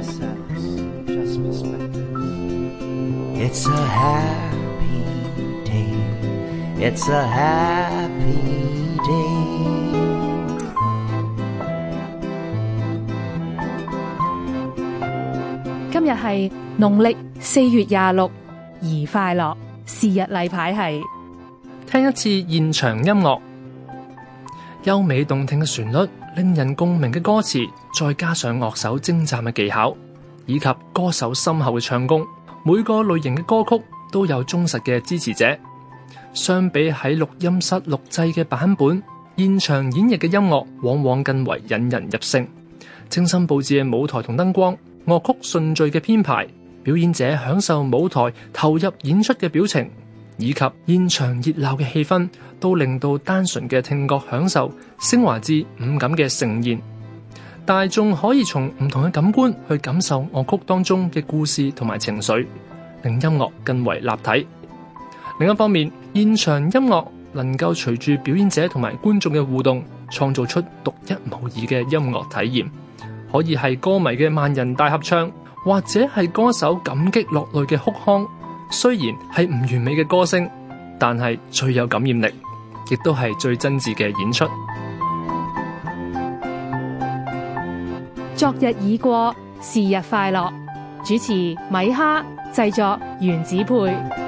It's a happy day. It's a happy day. 今日係農曆四月廿六，宜快樂。是日例牌係聽一次現場音樂，優美動聽嘅旋律。令人共鳴嘅歌詞，再加上樂手精湛嘅技巧，以及歌手深厚嘅唱功，每個類型嘅歌曲都有忠實嘅支持者。相比喺錄音室錄製嘅版本，現場演繹嘅音樂往往更為引人入勝。精心布置嘅舞台同燈光，樂曲順序嘅編排，表演者享受舞台投入演出嘅表情。以及現場熱鬧嘅氣氛，都令到單純嘅聽覺享受升華至五感嘅呈現。大眾可以從唔同嘅感官去感受樂曲當中嘅故事同埋情緒，令音樂更為立體。另一方面，現場音樂能夠隨住表演者同埋觀眾嘅互動，創造出獨一無二嘅音樂體驗，可以係歌迷嘅萬人大合唱，或者係歌手感激落淚嘅哭腔。雖然係唔完美嘅歌聲，但係最有感染力，亦都係最真摯嘅演出。昨日已過，是日快樂。主持米哈，製作原子配。